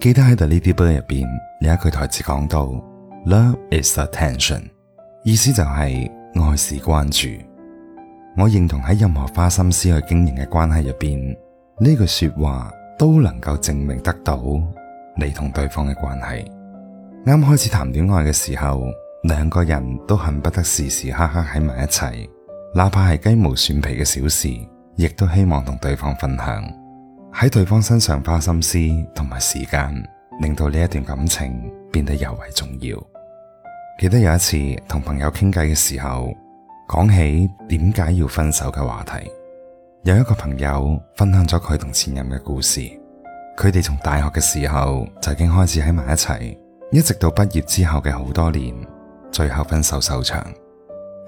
記得喺《The Lady Bird》入邊有一句台詞講到，Love is attention，意思就係愛是關注。我認同喺任何花心思去經營嘅關係入邊，呢句說話都能夠證明得到你同對方嘅關係。啱開始談戀愛嘅時候，兩個人都恨不得時時刻刻喺埋一齊，哪怕係雞毛蒜皮嘅小事，亦都希望同對方分享。喺對方身上花心思同埋時間，令到呢一段感情變得尤為重要。記得有一次同朋友傾偈嘅時候，講起點解要分手嘅話題，有一個朋友分享咗佢同前任嘅故事。佢哋從大學嘅時候就已經開始喺埋一齊，一直到畢業之後嘅好多年，最後分手收場。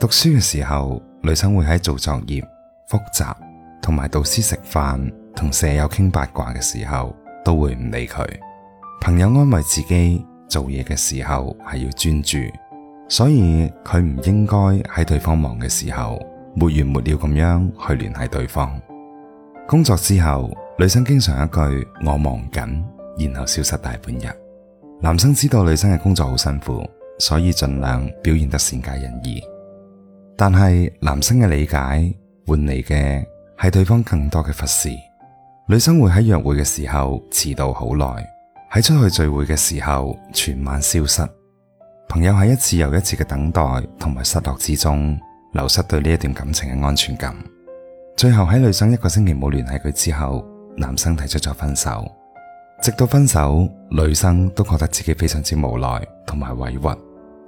讀書嘅時候，女生會喺做作業、復習同埋導師食飯。同舍友傾八卦嘅時候都會唔理佢。朋友安慰自己做嘢嘅時候係要專注，所以佢唔應該喺對方忙嘅時候沒完沒了咁樣去聯繫對方。工作之後，女生經常一句我忙緊，然後消失大半日。男生知道女生嘅工作好辛苦，所以盡量表現得善解人意。但係男生嘅理解換嚟嘅係對方更多嘅忽視。女生會喺約會嘅時候遲到好耐，喺出去聚會嘅時候全晚消失。朋友喺一次又一次嘅等待同埋失落之中，流失對呢一段感情嘅安全感。最後喺女生一個星期冇聯繫佢之後，男生提出咗分手。直到分手，女生都覺得自己非常之無奈同埋委屈。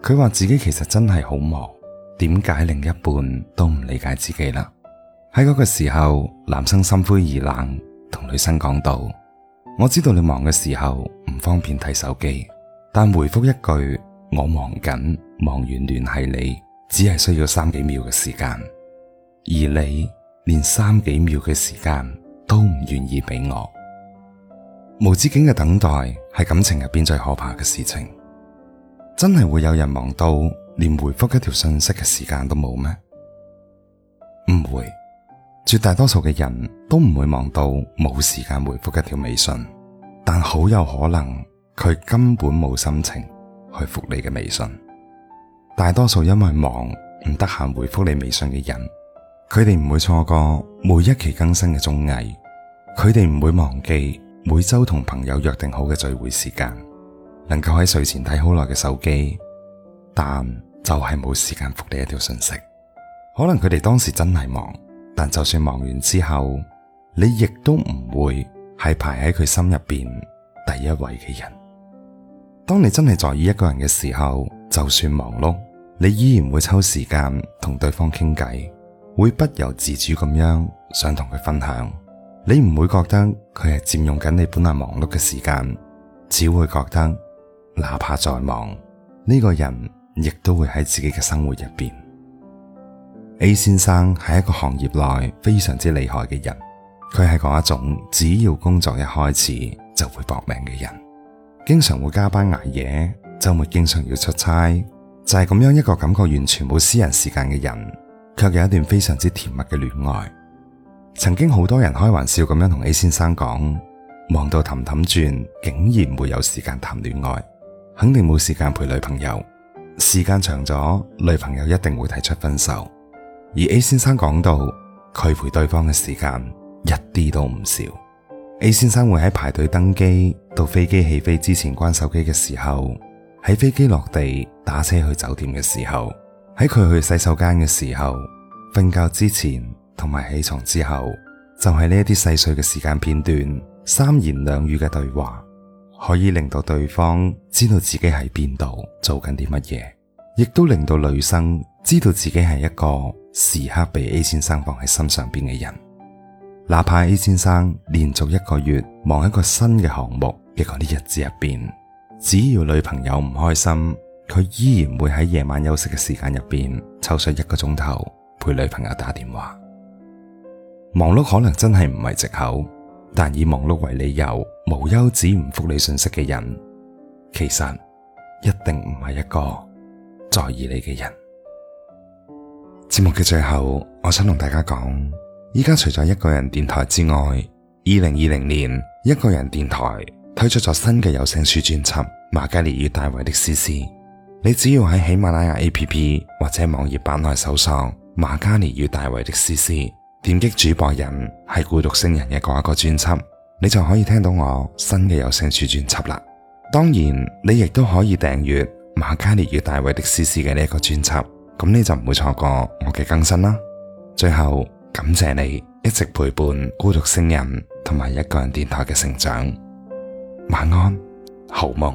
佢話自己其實真係好忙，點解另一半都唔理解自己啦？喺嗰個時候，男生心灰意冷。同女生講到：「我知道你忙嘅時候唔方便睇手機，但回覆一句我忙緊，忙完聯繫你，只係需要三幾秒嘅時間。而你連三幾秒嘅時間都唔願意俾我，無止境嘅等待係感情入邊最可怕嘅事情。真係會有人忙到連回覆一條信息嘅時間都冇咩？唔會。絕大多數嘅人都唔會忙到冇時間回覆一條微信，但好有可能佢根本冇心情去覆你嘅微信。大多數因為忙唔得閒回覆你微信嘅人，佢哋唔會錯過每一期更新嘅綜藝，佢哋唔會忘記每周同朋友約定好嘅聚會時間，能夠喺睡前睇好耐嘅手機，但就係冇時間覆你一條信息。可能佢哋當時真係忙。但就算忙完之後，你亦都唔會係排喺佢心入邊第一位嘅人。當你真係在意一個人嘅時候，就算忙碌，你依然會抽時間同對方傾偈，會不由自主咁樣想同佢分享。你唔會覺得佢係佔用緊你本來忙碌嘅時間，只會覺得哪怕再忙，呢個人亦都會喺自己嘅生活入邊。A 先生係一個行業內非常之厲害嘅人，佢係嗰一種只要工作一開始就會搏命嘅人，經常會加班挨夜，周末經常要出差，就係咁樣一個感覺完全冇私人時間嘅人，卻有一段非常之甜蜜嘅戀愛。曾經好多人開玩笑咁樣同 A 先生講，忙到氹氹轉，竟然會有時間談戀愛，肯定冇時間陪女朋友，時間長咗，女朋友一定會提出分手。而 A 先生講到，佢陪對方嘅時間一啲都唔少。A 先生會喺排隊登機到飛機起飛之前關手機嘅時候，喺飛機落地打車去酒店嘅時候，喺佢去洗手間嘅時候，瞓覺之前同埋起床之後，就係呢一啲細碎嘅時間片段，三言兩語嘅對話，可以令到對方知道自己喺邊度做緊啲乜嘢，亦都令到女生知道自己係一個，時刻被 A 先生放喺心上邊嘅人，哪怕 A 先生連續一個月忙一個新嘅項目嘅嗰啲日子入邊，只要女朋友唔開心，佢依然會喺夜晚休息嘅時間入邊抽出一個鐘頭陪女朋友打電話。忙碌可能真係唔係借口，但以忙碌為理由無休止唔覆你信息嘅人，其實一定唔係一個在意你嘅人。節目嘅最後，我想同大家講，依家除咗一個人電台之外，二零二零年一個人電台推出咗新嘅有聲書專輯《瑪嘉烈與大衛的絲絲》，你只要喺喜馬拉雅 APP 或者網頁版內搜索《瑪嘉烈與大衛的絲絲》，點擊主播人係孤獨星人嘅嗰一個專輯，你就可以聽到我新嘅有聲書專輯啦。當然，你亦都可以訂閱《瑪嘉烈與大衛的絲絲》嘅呢一個專輯。咁你就唔會錯過我嘅更新啦。最後感謝你一直陪伴孤獨星人同埋一個人電台嘅成長。晚安，好夢。